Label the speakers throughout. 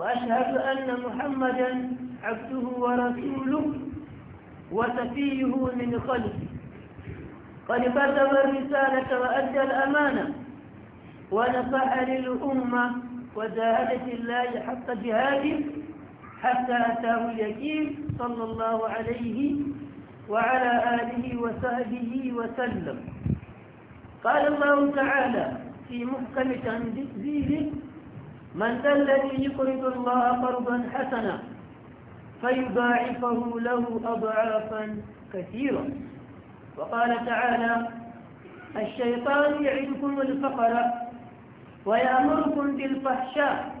Speaker 1: وأشهد أن محمدا عبده ورسوله وسفيه من خلقه قد كتب الرسالة وأدى الأمانة ونفع للأمة وزادت الله حق جهاده حتى أتاه اليقين صلى الله عليه وعلى آله وصحبه وسلم قال الله تعالى في محكم تنزيله من ذا الذي يقرض الله قرضا حسنا فيضاعفه له أضعافا كثيرة وقال تعالى الشيطان يعدكم الفقر ويأمركم بالفحشاء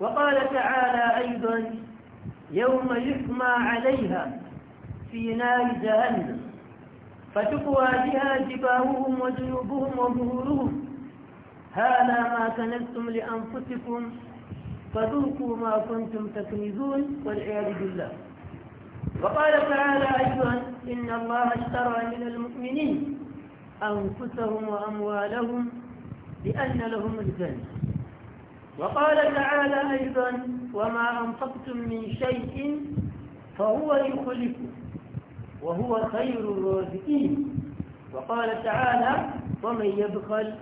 Speaker 1: وقال تعالى أيضا يوم يحمى عليها في نار جهنم فتقوى بها جباههم وجنوبهم وظهورهم هذا ما كنزتم لأنفسكم فذوقوا ما كنتم تكنزون والعياذ بالله وقال تعالى أيضا إن الله اشترى من المؤمنين أنفسهم وأموالهم بأن لهم الجنة وقال تعالى أيضا وما أنفقتم من شيء فهو يخلفه وهو خير الرازقين وقال تعالى ومن يبخل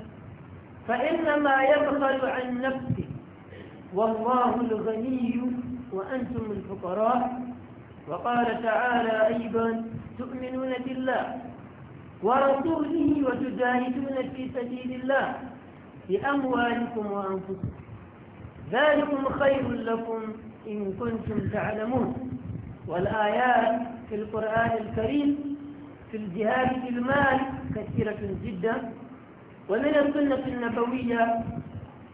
Speaker 1: فإنما يبخل عن نفسه والله الغني وأنتم الفقراء وقال تعالى أيضا تؤمنون بالله ورسوله وتجاهدون في سبيل الله بأموالكم وأنفسكم ذلكم خير لكم إن كنتم تعلمون والآيات في القرآن الكريم في الجهاد في المال كثيرة جدا ومن السنة النبوية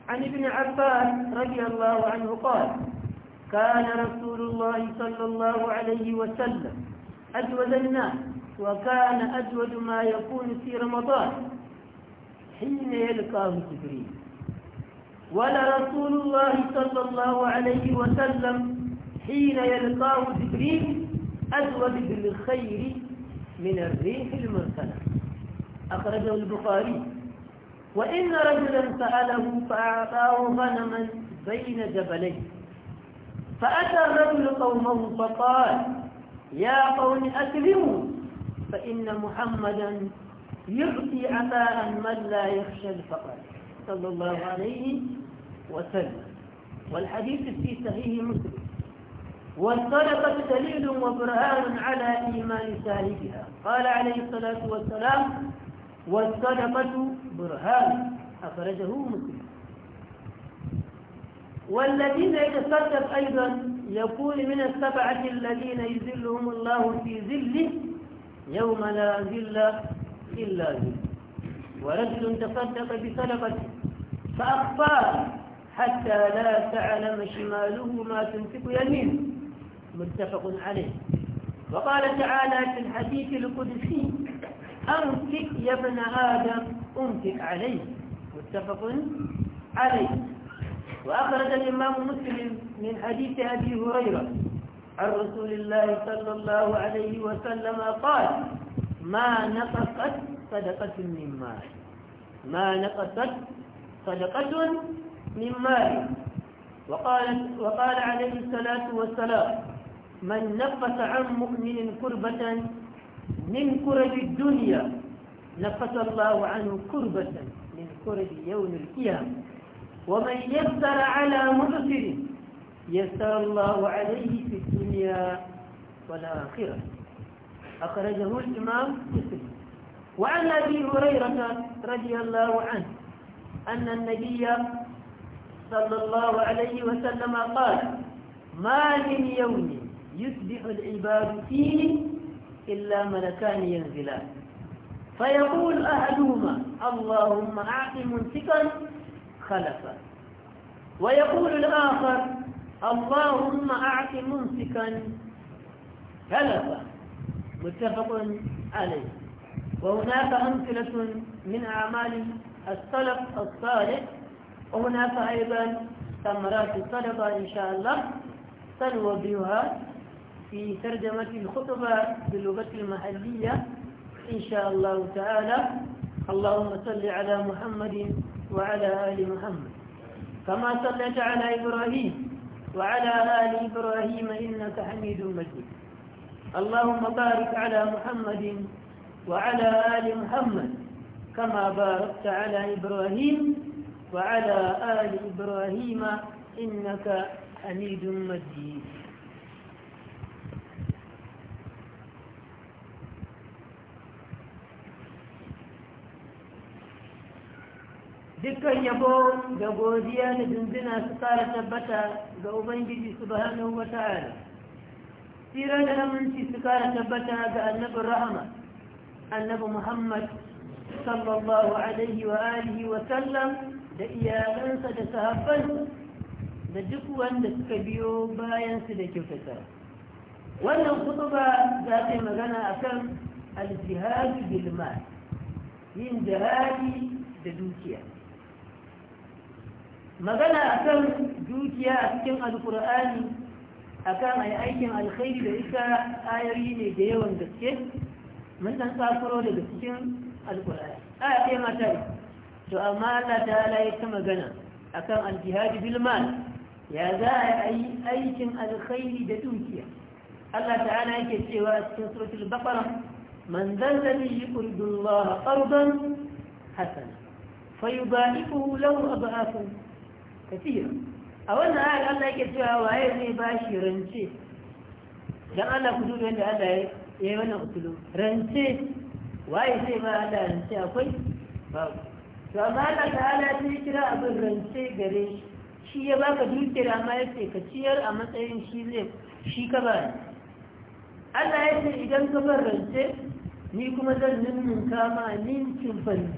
Speaker 1: عن ابن عباس رضي الله عنه قال كان رسول الله صلى الله عليه وسلم أجود الناس وكان أجود ما يكون في رمضان حين يلقاه جبريل ولرسول الله صلى الله عليه وسلم حين يلقاه جبريل أجود بالخير من الريح المرسلة أخرجه البخاري وإن رجلا سأله فأعطاه غنما بين جبلين فأتى الرجل قومه فقال يا قوم أكرموا فإن محمدا يعطي عطاء من لا يخشى الفقر صلى الله عليه وسلم والحديث في صحيح مسلم والصدقة دليل وبرهان على إيمان سالكها قال عليه الصلاة والسلام والصدقة برهان أخرجه مسلم والذين يتصدق أيضا يقول من السبعة الذين يذلهم الله في ذله يوم لا ذل إلا ذله ورجل تصدق بصدقته فأخفاه حتى لا تعلم شماله ما تنفق يمينه متفق عليه وقال تعالى في الحديث القدسي أنفق يا ابن آدم أنفق عليه متفق عليه وأخرج الإمام مسلم من حديث أبي هريرة عن رسول الله صلى الله عليه وسلم قال ما نقصت صدقة من مال ما نقصت صدقة من مال وقال, وقال عليه الصلاة والسلام من نقص عن مؤمن كربة من كرب الدنيا نفت الله عنه كربة من كرب يوم القيامة ومن يسر على مبصر يسر الله عليه في الدنيا والآخرة أخرجه الإمام مسلم وعن أبي هريرة رضي الله عنه أن النبي صلى الله عليه وسلم قال ما من يوم يسبح العباد فيه إلا ملكان ينزلان فيقول أحدهما اللهم أعط ممسكا خلفا ويقول الآخر اللهم أعط ممسكا خلفا متفق عليه وهناك أمثلة من أعمال السلف الصالح وهناك أيضا ثمرات الصدقة إن شاء الله سنوضعها في ترجمة الخطبة باللغة المحلية إن شاء الله تعالى اللهم صل على محمد وعلى آل محمد كما صليت على إبراهيم وعلى آل إبراهيم إنك حميد مجيد اللهم بارك على محمد وعلى آل محمد كما باركت على إبراهيم وعلى آل إبراهيم إنك حميد مجيد dukkan yabo da godiya da dindina su kara tabbata ga ubangiji subhanahu wata'ala tsira da aminci su kara tabbata ga annabin rahama annabi muhammad sallallahu alaihi wa alihi wa sallam da iyalansa da sahabbansa da duk wanda suka biyo bayansu da kyautata wannan kutuba za ta yi magana a kan aljihadu bilma yin jihadi da dukiya magana akan dukiya a cikin alkur'ani akan ai aikin alkhairi da ita ayari ne da yawan gaske mun dan tsakuro daga cikin alkur'ani aya ce mata to amma Allah ta'ala ya ta magana akan aljihadi bil mal ya za a yi aikin alkhairi da dukiya Allah ta'ala yake cewa cikin suratul baqara man zalladhi yuridu Allah qardan hasana fayudaifu lahu adhafun kasira a wannan ayar Allah yake cewa waye zai ba shi rance dan Allah ku duba yadda Allah ya yi wannan usulu rance waye zai ba Allah rance akwai babu to amma Allah ala sai kira abin rance gare shi ya baka dukiyar amma ce ka ciyar a matsayin shi zai shi ka ba Allah ya ce idan ka bar rance ni kuma zan ninnin kama ninkin fari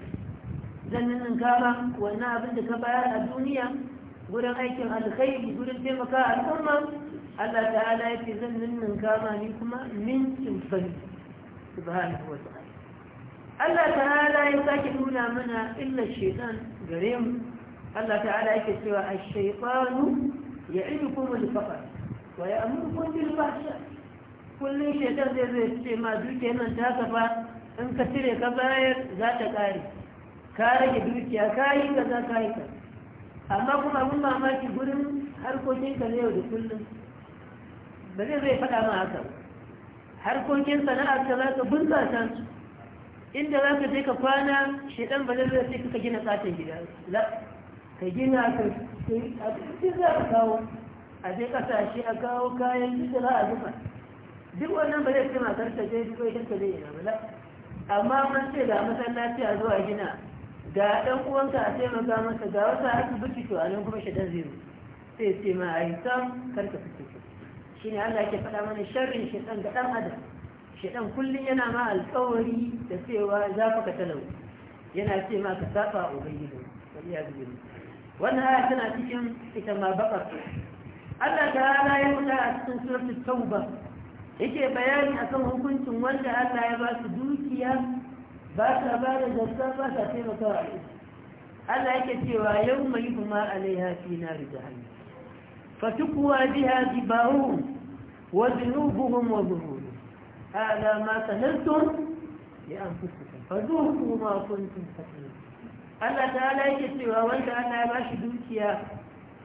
Speaker 1: zan ninnin kama wannan abin da ka bayar a duniya wurin aikin alkhairi gurin taimaka al'umma Allah ta'ala ya ce zan ninnin kama ni kuma su bani subhanahu wa ta'ala Allah ta'ala ya sake nuna mana illa shaitan gare mu Allah ta'ala ke cewa a ya iri kuma da kafa wa ya'murukum bil fahsha kullum shaitan zai zai ce ma duke nan ta kafa in ka cire ka bayar za ta kare ka rage dukiya ka yi za ka yi ka amma kuma mun mamaki gurin harkokinka na yau da kullum ba zai zai faɗa ma haka harkokin ka za ka bunƙasa su inda za ka je ka kwana shaidan ba zai sai ka gina satin gida la ka gina ka sai za ka kawo a je ƙasashe a kawo kayan gida za a zuba duk wannan ba zai fi ma karka je duk wai kanta zai yana ba la amma mun ce ga masallaci a zuwa gina ga ɗan uwanka a taimaka masa ga wata asibiti to a nan kuma shaɗan zero sai ce ma a yi sam karka fito shi ne Allah ke faɗa mana sharrin shaɗan ga ɗan adam shaɗan kullum yana ma alƙawari da cewa za ka ka talau yana ce ma ka saba a ubangiji wani ya zuwa wannan aya tana cikin ita ma baƙar Allah ta hana ya fita a cikin suratul tauba yake bayani akan hukuncin wanda Allah ya ba su dukiya ba sa ba da zakka ba sa taimakawa Allah yake cewa yau mai kuma alaiha fi nari jahannam فتكوى بها جباههم وذنوبهم وظهورهم هذا ما سهلتم لأنفسكم فذوقوا ما كنتم تكذبون Allah ta ta'ala yake cewa wanda ana ba shi dukiya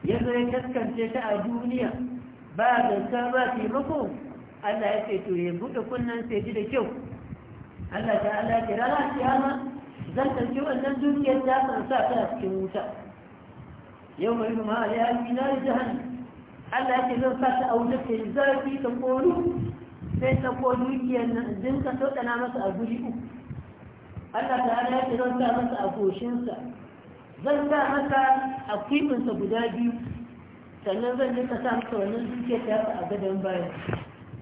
Speaker 1: ya zo ya kaskance ta a duniya ba ganta ba taimako Allah ya ce to ya buɗe kunnen sai ji da kyau Allah ta Allah ce ranar kiyama zan ɗauki wannan dukiyar ta kan sa ta cikin wuta yau mai a ya yi na jahan Allah ce zan sa ta a wuta ta zafi ta kolu sai ta ko dukiyar nan din ka sauɗana masa a guri uku Allah ta Allah ce zan sa masa a koshinsa, zan sa masa a kwibinsa guda biyu sannan zan nika sa masa wannan dukiyar ta a gadon bayan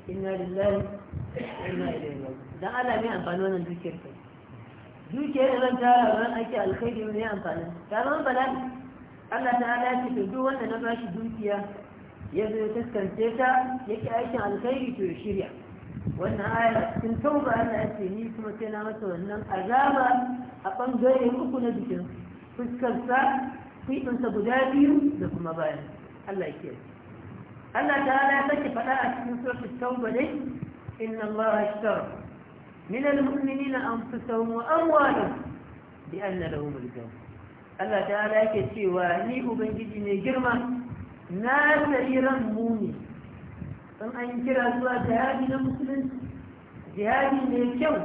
Speaker 1: inna lillahi inna ilaihi dan Allah mai amfani wannan dukiyar kai dukiyar ran ta ran ake alkhairi mai amfani ta ran bala'i Allah ta ala ce duk wanda na bashi dukiya ya zo ya taskance ta yake aikin alkhairi to ya shirya wannan ayar sun tauba Allah ya ce ni kuma sai na masa wannan azaba a bangare uku na jikin fuskarsa fiɗinsa guda biyu da kuma bayan Allah ya kiyaye Allah ta'ala ya sake faɗa a cikin suratul tauba dai inna Allah ashtara من المؤمنين أنفسهم وأموالهم بأن لهم الجنة Allah ta'ala yake cewa ni ubangiji ne girma na tsari ran muni in an kira zuwa jihadi na musulunci jihadi mai kyau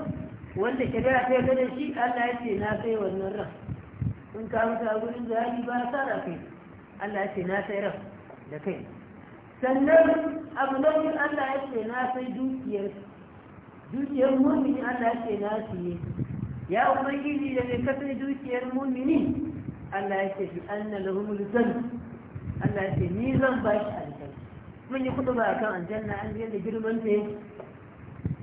Speaker 1: wanda shari'a ta da shi Allah ya ce na kai wannan ran in ka mutu a ba sa da kai Allah ya ce na sai ran da kai sannan abu na Allah ya ce na sai dukiyar. dukiyar mummini Allah yake nasu ne ya ubangiji da mai kasar dukiyar mummini Allah yake fi da lahum zan Allah yake ni zan ba shi aljanna mun yi kudu ba kan aljanna an yi da girman ta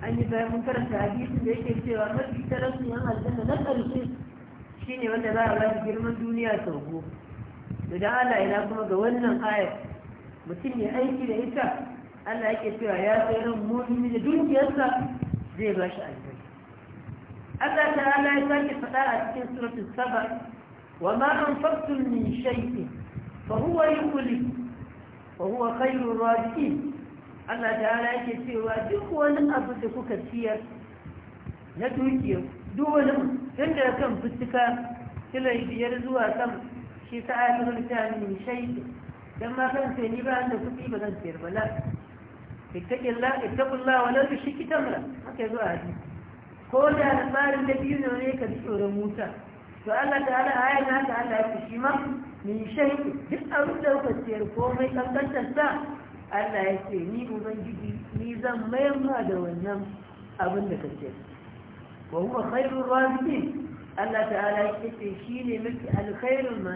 Speaker 1: an yi bayan mun karanta hadisi da yake cewa mafi tarasu yan aljanna na ƙarshe ne wanda za a ba girman duniya sau go da dan Allah ina kuma ga wannan ayar mutum ya aiki da ita Allah yake cewa ya tsayar mummini da dukiyarsa zai ba shi aljanna Allah ta'ala ya sake faɗa a cikin suratul saba wa ma anfaqtum min shay'in fa huwa yukhlifu wa huwa khayrur raziqin Allah ya ke cewa duk wani abu da kuka ciyar na dukiya duk wani tun da kan fitika kilai biyar zuwa kan shi ta ayatul mutane min shay'in don ma kan sai ni ba da kuɗi ba zan ciyar ba ittaqillah ittaqullah wa la tushrik tamra haka zuwa hadisi ko da tsarin da biyu ne ka ji tsoron wuta to Allah ta'ala a haka Allah ya ce shi ma min shayki duk a da kuka ciyar komai kankantar sa Allah ya ce ni ubangiji ni zan mayan ma da wannan abin da kace wa huwa khairur raziqin Allah ta'ala ya ce shi ne mafi alkhairun ma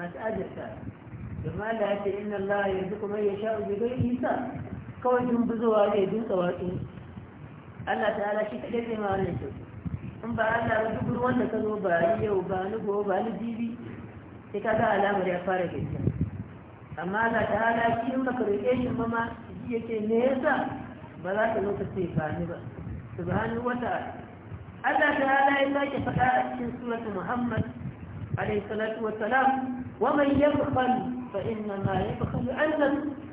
Speaker 1: masu ajarta domin ya ce inna Allah ya zuku ya sha bi gairi kawai dun buzowa zai dutsa waƙi Allah ta ala shi ta zai ma wannan kyau in ba Allah ba duk ruwan da ka zo ba ni yau ba ni gobe ba ni jibi sai ka ga alamar ya fara gaske amma Allah ta ala shi in baka roƙe shi ma ma yake me yasa ba za ka zo ka ce ba ni ba subhanahu wa Allah ta ala ya sake faɗa a cikin surat Muhammad alaihi salatu wa salam wa man yabkhal fa inna ma yabkhalu an nafsihi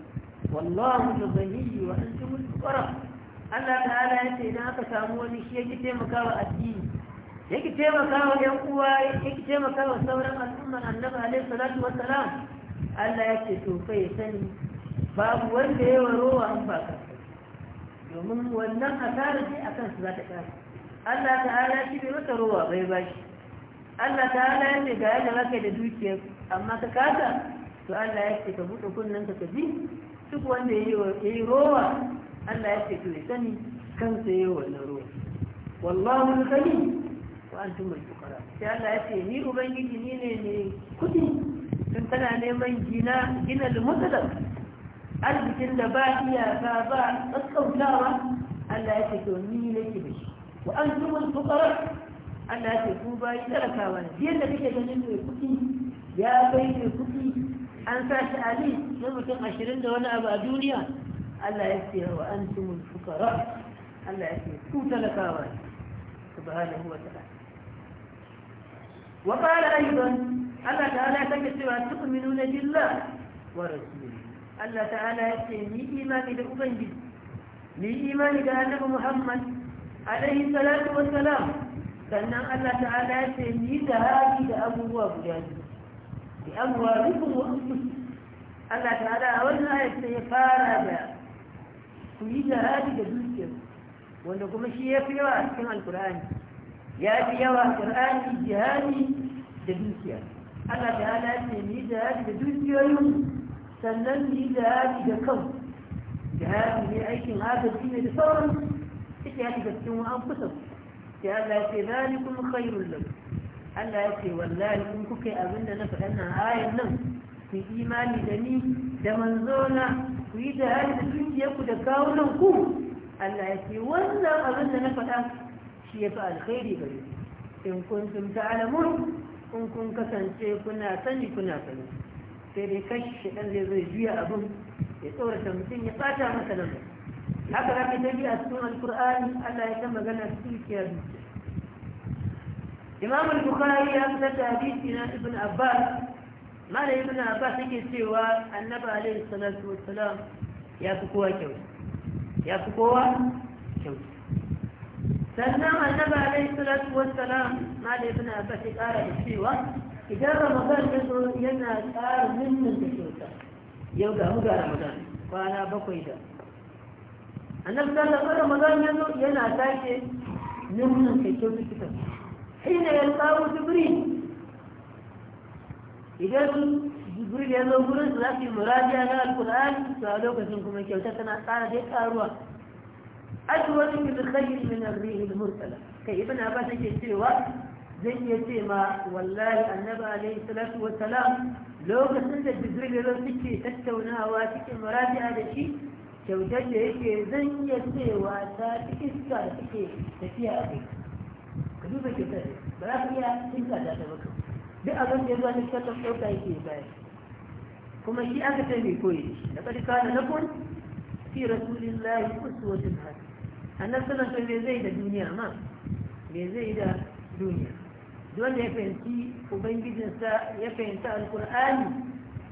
Speaker 1: wallahu tazayyi wa antum al-fuqara Allah ta'ala yace idan aka samu wani shi yake wa addini yake wa yan uwa yake wa sauran al'umma annabi alaihi salatu wa salam Allah yake to kai sani babu wanda ya wa an faka domin wannan asara ce akan su za ta kare Allah ta'ala shi bai mata rowa bai bashi Allah ta'ala yace ga yadda zaka da dukiyar amma ka kasa to Allah yake ka buɗe kunnen ka ka duk wanda ya yi rowa Allah ya ce to ya sani kansa ya yi wannan rowa wallahu al-ghani wa antum al-fuqara sai Allah ya ce ni ubangiji ni ne ne kudi Kun tana neman gina gina al-mutalab arzikin da ba iyaka ba tsakautawa Allah ya ce to ni nake da shi wa antum al-fuqara Allah ya ce ku ba bayi talakawa ne yadda kake ganin mai kudi ya bai mai an sashi ali na mutum ashirin da wani abu a duniya Allah ya ce wa an tumul fukara Allah ya ce ku talakawa ne subhanahu wa ta'ala wa qala aidan Allah ta'ala ya sake cewa tu'minuna billah wa rasulihi Allah ta'ala ya ce ni imani da ubangiji ni imani da annabi Muhammad alaihi salatu wa salam sannan Allah ta'ala ya ce ni da haki da abubuwa guda biyu بأموالكم وأنفسكم Allah ta'ala a wannan ayat ya fara da ku yi jihadi da dukiyar wanda kuma shi ya fi yawa a cikin alkur'ani ya fi yawa a alkur'ani jihadi da dukiya Allah ta'ala ya ce yi jihadi da dukiyoyin sannan yi jihadi da ne aikin agaji ne da sauran ya Allah ya ce wallahi kun kuka yi abin da na faɗa nan ayan nan ku imani da ni da manzona ku yi da hali da dukiyarku da kawunan ku Allah ya ce wannan abin da na faɗa shi ya fi alkhairi gare in kun sun ta'alamun in kun kasance kuna sani kuna sani sai dai kashi ɗan zai zai juya abin ya tsorata mutum ya ɓata masa nan haka za ta biya a cikin alkur'ani Allah ya ta magana cikin kiyar dukiya imam al-bukhari ya fitar da hadisi na ibn abbas mala ibn abbas yake cewa annabi alayhi salatu wassalam ya fi kowa kyauta ya fi kowa kyauta sannan annabi alayhi salatu wassalam mala ibn abbas ya kara da cewa idan ramadan ya zo yana tsara minnin da kyauta yau ga mu ga ramadan kwana bakwai da annabi sallallahu alaihi wasallam yana tashi minnin da kyauta حين يلقاه جبريل إذا jibril ya zo gurin su za su yi murajiya na alkur'ani su a lokacin kuma kyauta tana tsara dai karuwa ajwani min khayr min ar-rih al-mursala kai ibn abbas yake cewa zan iya ce ma wallahi annabi alayhi lokacin da jibril ya zo suke tattaunawa cikin murajiya da shi kyautar da yake zan iya cewa ta iska da take tafiya a kai ka duba ke kai ba za ka iya inganta ta baka duk abin da ya zuwa cikin kan ɗauka yake baya kuma shi aka ce mai koyi da ƙarfi kana na kun fi rasulillahi wajen hasana annan sanar sai me zai da duniya ma me zai da duniya wanda ya fahimci ubangijinsa ya fahimta alkur'ani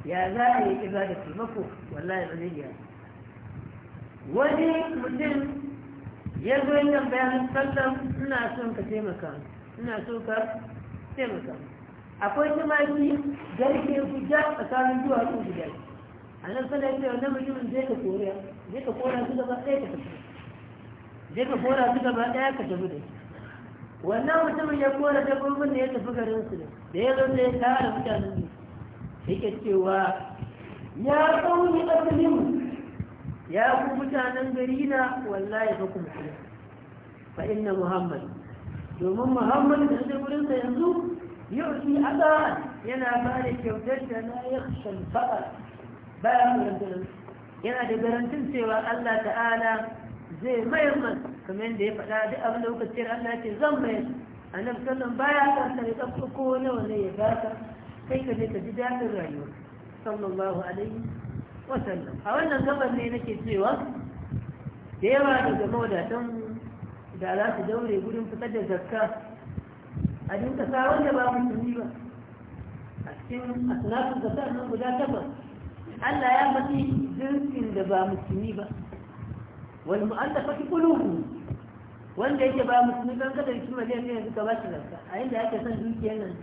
Speaker 1: ya za a yi ibada taimako wallahi ba zai yi wani mutum yanzu yin tambaya na sallam ina son ka taimaka ina so ka taimaka akwai tumaki garke guja tsakanin duwatsu guda a nan sallar yake namiji mutumin zai ka koriya zai ka kora su gaba ɗaya ka tafi zai ka kora su gaba ɗaya ka tafi da wannan mutumin ya kora dabbobin da ya tafi garin su da ya zo sai ta da mutanen ne yake cewa ya kauni aslimu ya ku mutanen gari na wallahi fa ku musulmi fa inna muhammad domin muhammad da shi wurin sa yanzu yu'ti ada yana ba da kyautar da na yakhsha al-faqa bayan yana da garantin cewa Allah ta'ala zai mayar masa kamar da ya faɗa duk abin da kuka ce Allah ce zan mayar A nan sannan baya kan sai tsakko ko nawa ne ya baka kai ka ne ka ji dadin rayuwa sallallahu alaihi wa sallam a wannan gaban ne nake cewa da yawa daga mawadatan da za su daure gudun fitar da zakka a dinka sa wanda ba musulmi ba a cikin asalafin zakka nan guda takwas Allah ya mafi jinsin da ba musulmi ba wani mu'allafa ki kulubu wanda yake ba musulmi kan kada shi miliyan ne yanzu ka ba shi zakka a inda ake son dukiyar nan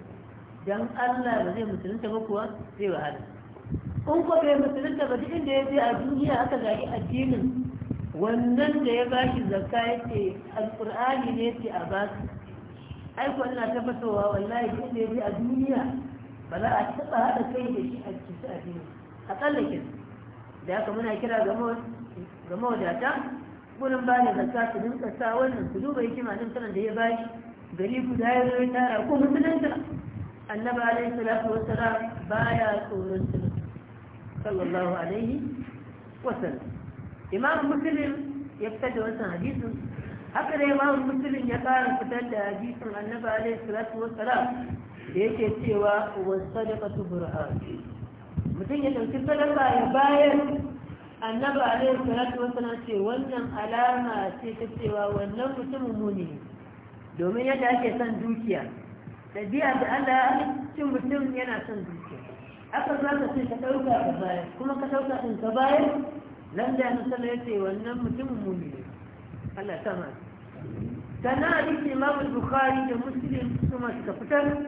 Speaker 1: dan Allah ba zai musulunta ba kuwa zai wahala in ko bai musulunta ba duk inda ya je a duniya aka zagi addinin wannan da ya bashi zakka ce alqur'ani ne ce a ba su ai ko ina tabbatowa wallahi duk da yaji a duniya ba za a taba hada kai da shi a cikin addini a tsallakin da haka muna kira ga mawadata gurin ba ne zakka su dinka sa wannan su duba yake din sanan da ya bashi gari guda ya zo ya tara ko musulunta annabi alaihi salatu wassalam baya tsoron sallallahu alaihi wasallam imam muslim ya fitar da wannan hadisu. haka da imam muslim ya ƙara fitar da hadisin annabi alaihi salatu wassalam da yake cewa wa sadaqatu burhan mutum ya ɗauki sadaka ya bayar annabi alaihi salatu wassalam ce wannan alama ce ta cewa wannan mutum muni domin yadda ake son dukiya ɗabi'a da Allah cin mutum yana son dukiya Haka za ka ce ka ɗauka ka bayar kuma ka ɗauka ɗin ka bayar nan da yana ya ce wannan mutumin mumini Allah ta ma sannan hadisi imam al-bukhari da muslim su ma suka fitar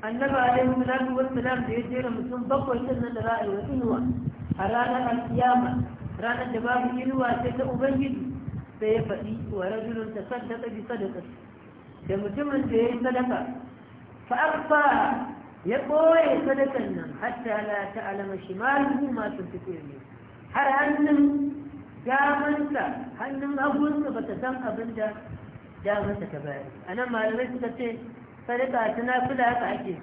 Speaker 1: annabi alaihi salatu wassalam da ya jera mutum bakwai din nan da za a yi wa inuwa a ranar alkiyama ranar da babu inuwa sai ta ubangiji sai ya faɗi wa rajulun ta sadaka bi sadaka da mutumin da ya yi sadaka fa akfa ya ɓoye sadakan nan hatta la ta'lama shimaluhu ma tunfiqu yaminuhu har hannun damansa hannun abunsa ba ta san abin da damansa ta bayar a nan malamai suka ce sadaka ta nafila haka ake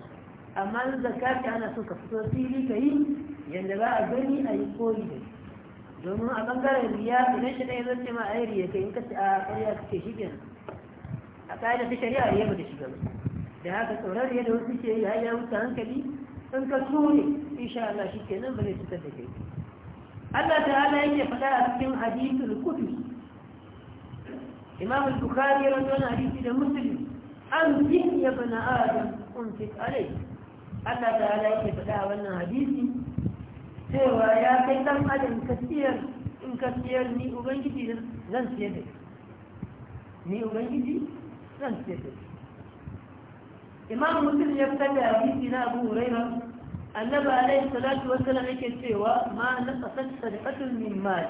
Speaker 1: amma in zakka ta ana so ka fito fili ka yi yadda ba a gani a yi koyi da domin a bangaren riya idan shi ɗaya zan ce ma a yi riya kai in ka a ƙarya su ke kenan a ƙa'ida ta shari'a riya ba ta shiga ba da haka tsoron riya da wasu ke yi har ya wuce hankali in ka so in insha Allah shi kenan ba zai cutar da kai Allah ta'ala yake faɗa a cikin hadithul qudsi Imam al-Bukhari rawayan hadisi da Muslim an yin ya bana adam umtik alai Allah ta'ala yake faɗa a wannan hadisi cewa ya kai dan adam kasiyar in kasiyar ni ubangiji zan siye da ni ubangiji zan siye da Imam Muslim ya faɗa hadisi na Abu Hurairah annabi alaihi salatu wasallam yake cewa ma naqasat sadaqatun min mal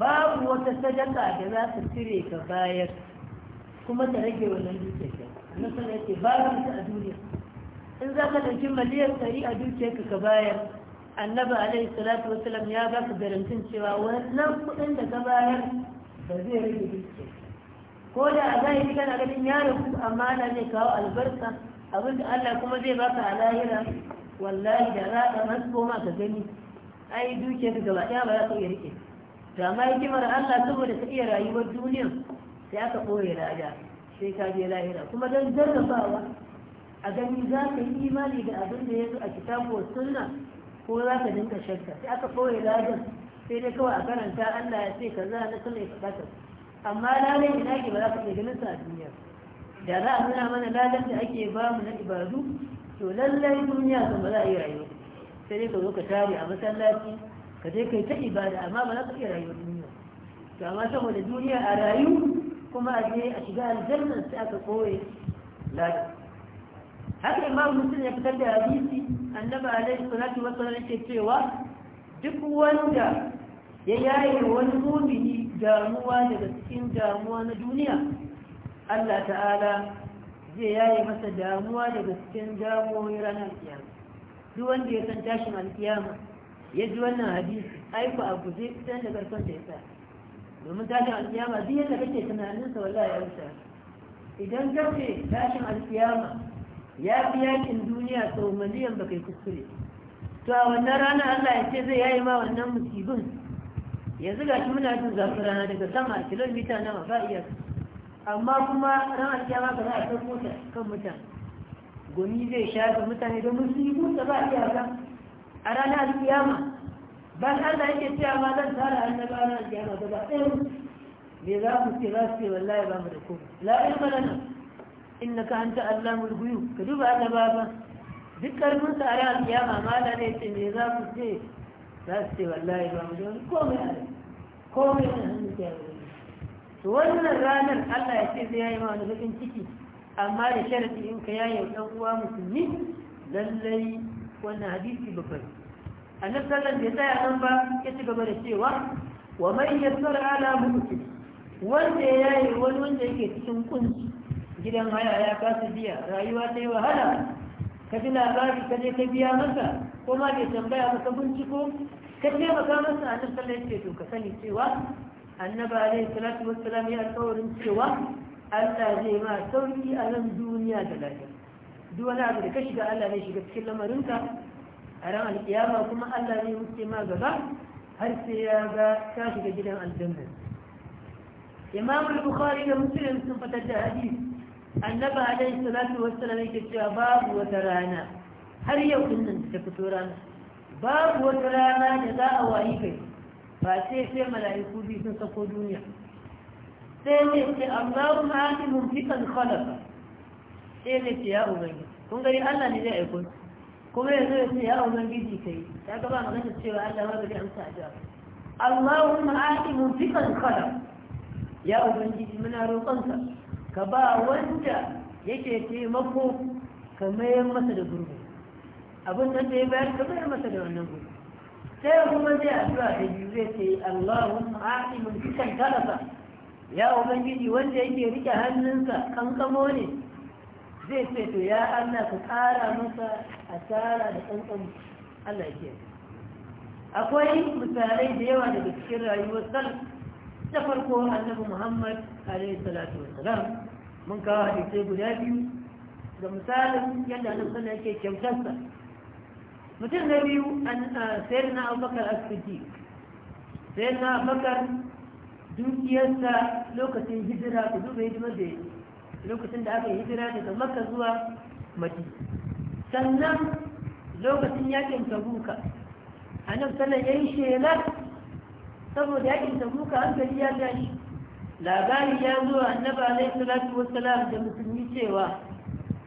Speaker 1: babu wata sadaka da za ta cire ka bayar kuma ta rage wannan dukiyar annabi sallallahu alaihi babu ta a duniya in za ka dauki miliyan 100 a dukiyarka ka bayar annaba alaihi salatu wasallam ya ba ka garantin cewa wannan kudin da ka bayar ba zai rage dukiyar ko da a zahiri kana ganin ya rabu amma na zai kawo albarka abinda Allah kuma zai baka a lahira wallahi da za ka rantso ma ka gani ai duke ka gaba ɗaya ba za ka iya rike ga ma hikimar Allah saboda ta iya rayuwar duniyar sai aka ɓoye lada sai ka je lahira kuma don jarrabawa a gani za ka yi imani da abin da ya zo a kitabu sunna ko za ka dinka shakka sai aka ɓoye ladan sai dai kawai a karanta Allah ya ce kaza na sunna ya faɗa amma ladan ina ke ba za ka iya ganin sa a duniya da za a nuna mana ladan da ake ba mu na ibadu to lallai duniya kan ba za a yi rayuwa sai dai ka zo ka tare a masallaci ka je kai ta ibada amma ba za ka iya rayuwa duniya to amma saboda duniya a rayu kuma a je a shiga aljanna sai aka koye lada haka imam muslim ya fitar da hadisi annaba alaihi salatu wasallam yake cewa duk wanda ya yaye wani mumini damuwa daga cikin damuwa na duniya Allah ta'ala zai yaye masa damuwa daga cikin damuwoyi ranar kiyama duk wanda ya san tashin alkiyama ya ji wannan hadisi aiko a guje fitan da karfan da ya sa domin tashin alkiyama duk yadda kake sa wallahi ya wuce idan kake tashin alkiyama ya fi yakin duniya sau miliyan ba kai kuskure to a wannan rana Allah ya ce zai yayi ma wannan musibin yanzu ga shi muna jin zafi rana daga sama kilomita nawa ba iya amma kuma ranar alkiyama ba za a san mota kan mutane gumi zai shafe mutane domin sun yi mota ba a iyaka a ranar alkiyama ba Allah yake cewa ma zan tara annaba ranar alkiyama ba ɗaya me za ku ce za su ce wallahi ba mu da ko la ilma lana innaka anta allamul ghuyub ka duba da ba duk karfin sa a ran alkiyama ma Allah ne ce me za ku ce za su ce wallahi ba mu da ko komai ko mai a hannun kiyama to wannan ranar Allah ya ce zai yayi ma wani bakin ciki amma da sharadi in ka yayi dan uwa musulmi lallai wannan hadisi ba fa annabi sallallahu alaihi wasallam ba ya ci gaba da cewa wa man yasara ala mu'min wanda yayi wani wanda yake cikin kunci gidan haya ya kasa biya rayuwa ta yi wahala ka ji labari ka je ka biya masa ko ma bai tambaya maka binciko ka taimaka masa a nan sallar ce to ka sani cewa Annaba alaihi salatu wassalam ya alƙawarin cewa Allah zai ma sauki a nan duniya da lafiya duk wani abu da ka shiga Allah ne shiga cikin lamarinka a ran alƙiyama kuma Allah ne wuce ma gaba har sai ya ga ta shiga gidan aljanna imam al-bukhari da muslim sun fitar da hadisi Annaba alaihi salatu wassalam yake cewa babu wata rana har yau din nan ta fito rana babu wata rana da za a wayi kai ba sai sai mala'iku biyu sun sako duniya sai ne ce allahu hakimun fikan khalaqa sai ne ce ya ubangiji kun gari allah ne zai aiko kuma yanzu ya ce ya ubangiji kai ya gaba magana cewa allah ma bai amsa a Amma jiya allahumma hakimun fikan khalaqa ya ubangiji muna roƙonka ka ba wanda yake taimako ka mayar masa da gurbi abin da yi bayar ka mayar masa da wannan gurbi sai kuma zai addu'a da biyu zai ce Allahumma aati mun fitan talaba ya ubangiji wanda yake rike hannunsa kankamo ne zai ce to ya Allah ka ƙara masa asara da kankamo Allah ke akwai misalai da yawa daga cikin rayuwar sal da farko annabi Muhammad alaihi salatu wasalam mun kawo hadisai guda biyu da misalin yadda annabi sallallahu alaihi wasallam yake kyautarsa mutum na biyu uh, sayar na abubakar asibiti sayar na abubakar dukiyarsa lokacin hijira ku duba hijimar da lokacin da aka yi hijira daga maka zuwa mati sannan lokacin yakin tabuka a nan sannan ya yi shelar saboda yakin tabuka an gari ya tashi labari ya zuwa, annaba alaihi salatu wassalam da musulmi cewa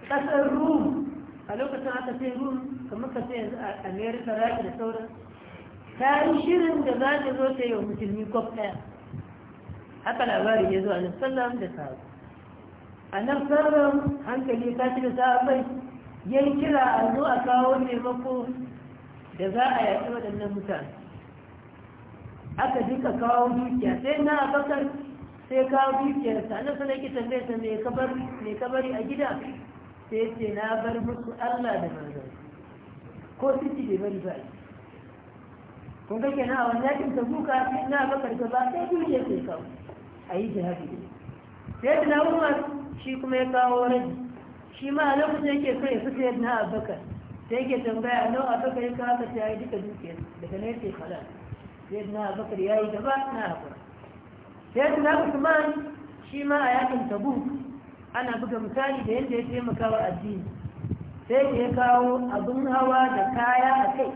Speaker 1: ƙasar rum a lokacin aka ce rum kamar ka ce yanzu a amerika raki da sauran ta yi shirin da za ta zo ta yi wa musulmi kwaf ɗaya haka labari ya zo a nan sallam da sa a nan sallam hankali ta ci da sahabai ya yi kira a zo a kawo maimako da za a yaƙi waɗannan mutane aka duka kawo dukiya sai na a bakar sai kawo dukiyarsa na sanaki tambayarsa mai kabari a gida sai ce na bar musu Allah da manzon ko suke da bari ba kun kake na a wani yakin ta ka sai na bakar ta ba sai duniya sai kawo a yi jihadi sai da na shi kuma ya kawo rai. shi ma a lokacin yake kai su sai na abakar sai yake tambaya a nau abakar ya kawo ta yi duka duka daga na yake halal sai na abakar ya yi gaba na abakar sai da na usman shi ma a yakin ta ana buga misali da yadda ya taimaka wa addini sai da ya kawo abin hawa da kaya a kai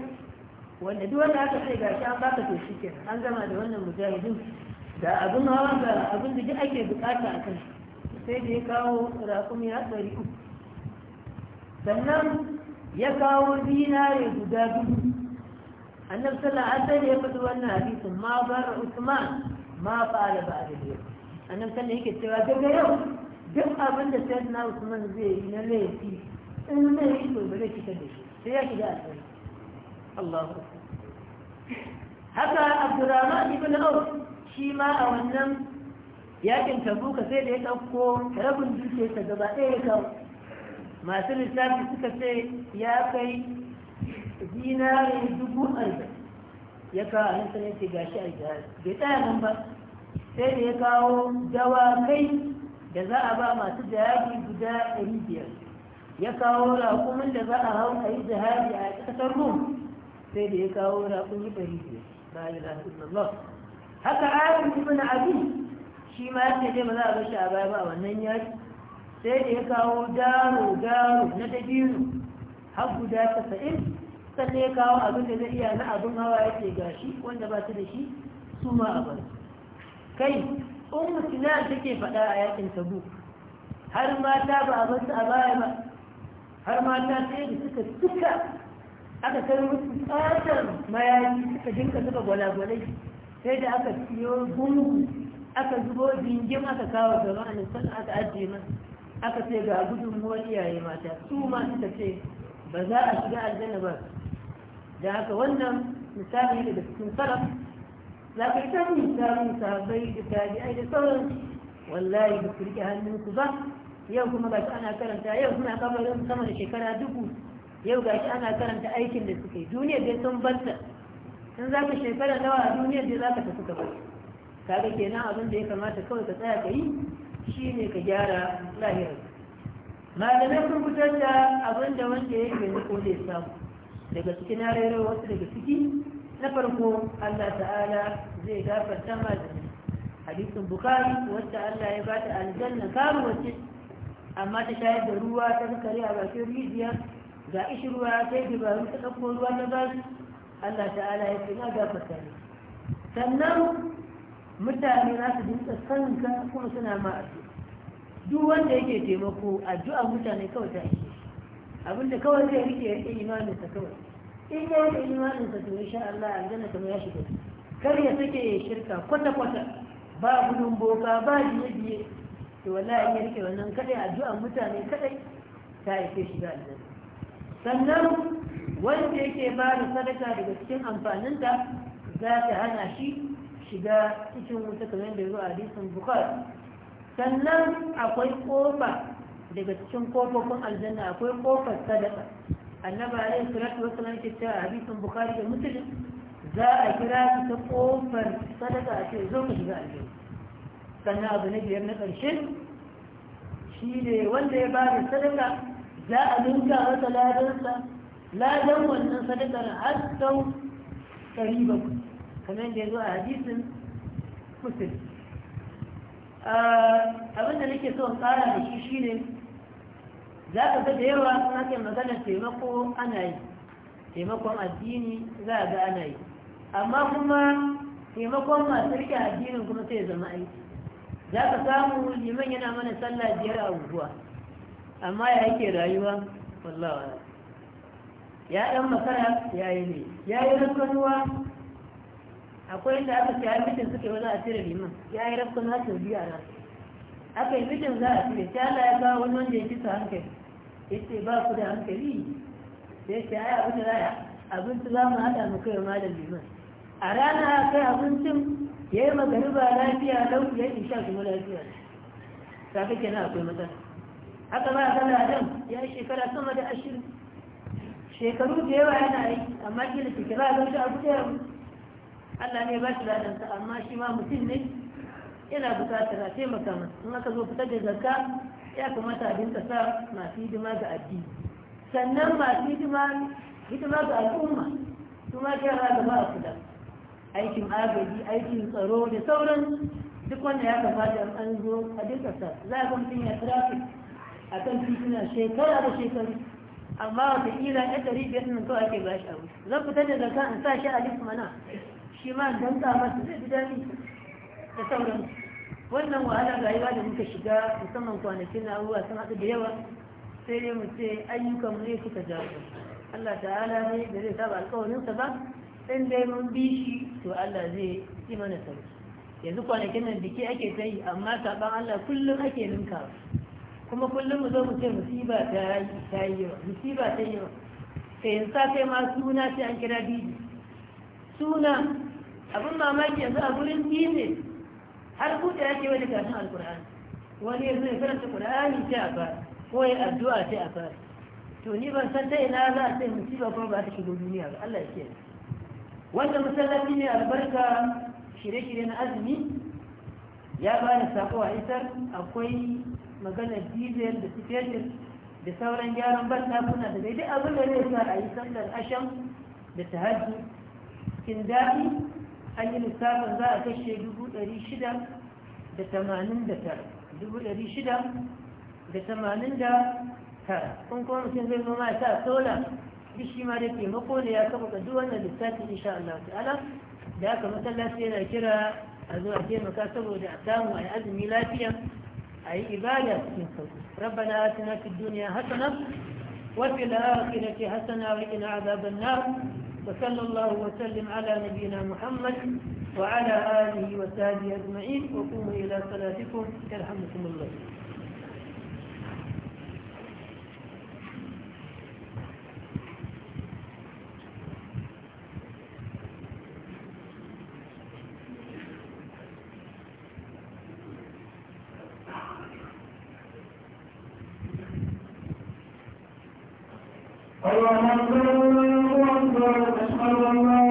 Speaker 1: wanda duk wanda aka sai gashi an baka to shi kenan an gama da wannan mujahidin da abin hawa da abin da duk ake bukata a kai sai da ya kawo rakum ya tsari uku sannan ya kawo zinare guda dubu annabi sallallahu alaihi wasallam ya faɗi wannan hadisin ma bar usman ma ba da yau annabi sallallahu yake cewa daga yau duk abin da sai na usman zai yi na laifi in zai yi to ba zai fitar da shi sai ya shiga tsari Allahu haka Abdurrahman ibn Auf shi ma a wannan yakin Tabuka sai da ya dauko rabin ta gaba ɗaya ya kawo masu lissafi suka ce ya kai dinari dubu arba'in ya kawo a nan ce gashi a jihar bai tsaya nan ba sai da ya kawo dawakai da za a ba masu jihadi guda ɗari biyar. ya kawo raƙumin da za a hau a yi jihadi a ƙasar rum sai da ya kawo ɗari biyar, bayan rasulullah haka ayin ibn abi shi ma yake ce ba za a bar shi a baya ba wannan yaki sai da ya kawo daro daro na dabino har guda 90 sannan ya kawo abin da zai iya na abin hawa yake gashi wanda ba su da shi su ma a bar kai ummu sina take faɗa a yakin tabu har mata ba a basu a baya ba har mata sai da suka suka aka kai musu tsatar mayayi suka dinka suka gwalagwalai sai da aka siyo gungu aka zubo jingim aka kawo gaba a nisan aka ajiye masu aka ce ga gudunmuwar iyaye mata su ma suka ce ba za a shiga aljanna ba da haka wannan misali daga cikin sarrafa za ka yi ta misalin sabai da tabi'ai da sauran wallahi ba ku rike hannunku ba yau kuma gashi ana karanta yau suna kamarin sama da shekara dubu yau gashi ana karanta aikin da suke. Duniya dai sun banta in za ka shekara nawa a duniya dai za ka tafi ka bari kaga kenan abin da ya kamata kawai ka tsaya ka yi shine ka gyara lahirar malamai sun fitar da abin da wanda ya ke ko zai samu daga cikin rairar wasu daga ciki na farko Allah ta'ala zai gafarta ma da hadisin bukari wacce Allah ya bata aljanna karuwace amma ta shayar da ruwa ta kare a bakin rijiya ga ishi ruwa sai dabaru ta ɗauko ruwa na basu Allah ta'ala ya fi na gafarta ne sannan mutane za su dinka sanin kuma suna ma duk wanda yake taimako addu'a mutane kawai ta ishe abinda kawai zai rike ta kawai in ya yi imanin sa to insha Allah aljanna kuma ya shiga kar ya sake shirka kwata kwata ba gudun boka ba biye biye to wallahi ya rike wannan kadai addu'an mutane kadai ta yi shiga aljanna sannan wanda yake ba da sadaka daga cikin amfaninta za ta hana shi shiga cikin wuta kamar yadda zuwa hadisin bukhari sannan akwai kofa daga cikin kofofin aljanna akwai kofar sadaka annaba alaihi salatu wasallam ke cewa hadisin bukhari da muslim za a kira su ta kofar sadaka a ce zo ka shiga aljanna sannan abu na biyar na ƙarshe shi ne wanda ya bada sadaka za a ninka masa ladansa ladan wannan sadakar har sau ɗari bakwai kamar da ya zo a hadisin muslim ah, abin da nake so in ƙara da shi shi ne. za ka ga da yawa an ke magana taimako ana yi taimakon addini za a ga ana yi amma kuma taimakon masu rike addinin kuma sai zama aiki za ka samu liman yana mana sallah biyar a unguwa amma ya yake rayuwa wallawa ya ɗan masara ya yi ne ya yi rasuwa akwai inda aka ce mitin suke wani a cire liman ya yi rasuwa na sau biyu a aka yi mitin za a cire ta ya kawo wani wanda ya kisa hankali yace ba ku da hankali sai ce ai abin da abinci za mu haɗa mu kai malam liman a rana kai abincin ya yi magariba lafiya don ya yi sha kuma lafiya ta kake na akwai matsala haka ba a gana adam ya yi shekara sama da ashirin shekaru da yawa yana yi amma kila shekara ga shi abu da Allah ne ba shi ladansa amma shi ma mutum ne yana bukatar a taimaka masa in aka zo fitar da zakka ya kamata a dinka sa masu hidima ga addini sannan masu hidima hidima ga al'umma su ma gyara da ba a kula aikin agaji aikin tsaro da sauran duk wanda ya kamata an zo a dinka sa za a mutum ya trafik a kan titina shekara da shekaru amma wata ila ya tari biyar nan kawai ake bashi abu zan fitar da zaka in sa shi a duk mana shi ma don masa zai ji daɗi da sauransu wannan wahala ga rayuwa da muka shiga musamman kwanakin na abubuwa sun haɗu da yawa sai dai mu ce ayyukan ne suka jago Allah ta'ala ne da zai saba alƙawarinsa ba in dai mun bi shi to Allah zai yi mana sauki yanzu kwanakin nan biki ake ta yi amma saban Allah kullum ake ninka kuma kullum mu zo mu ce musiba ta yi ta yi yawa musiba ta yi yawa sai yanzu kai ma suna sai an kira bibi suna abin mamaki yanzu a gurin ne. har buɗe yake wani karatun alkur'an wani yanzu ya karanta kur'ani sai a fara ko ya addu'a sai a fara to ni ban san ta ina za a sai musiba kuma ba ta shigo duniya ba Allah ya ce wanda musallaci ne albarka shirye-shirye na azumi ya ba da sako a isar akwai magana diesel da sifetir da sauran gyaran ban kuna da daidai abin da zai sa a yi sallar asham da tahajji cikin daɗi an yi lissafin za a kashe dubu ɗari shida da tamanin da kun kuma mutum zai zama ya sa sola duk shi ma da taimako da ya kafa ga duk wannan lissafin insha Allah ta'ala da aka masallaci yana kira a zuwa taimaka saboda a samu a yi azumi lafiya a yi ibada cikin sauki rabbana atina fid duniya hasana وفي hasana wa وإن عذاب na? وصلى الله وسلم على نبينا محمد وعلى آله وسابه أجمعين وقوموا إلى صلاتكم يرحمكم الله الله أكبر الله أشهد أن لا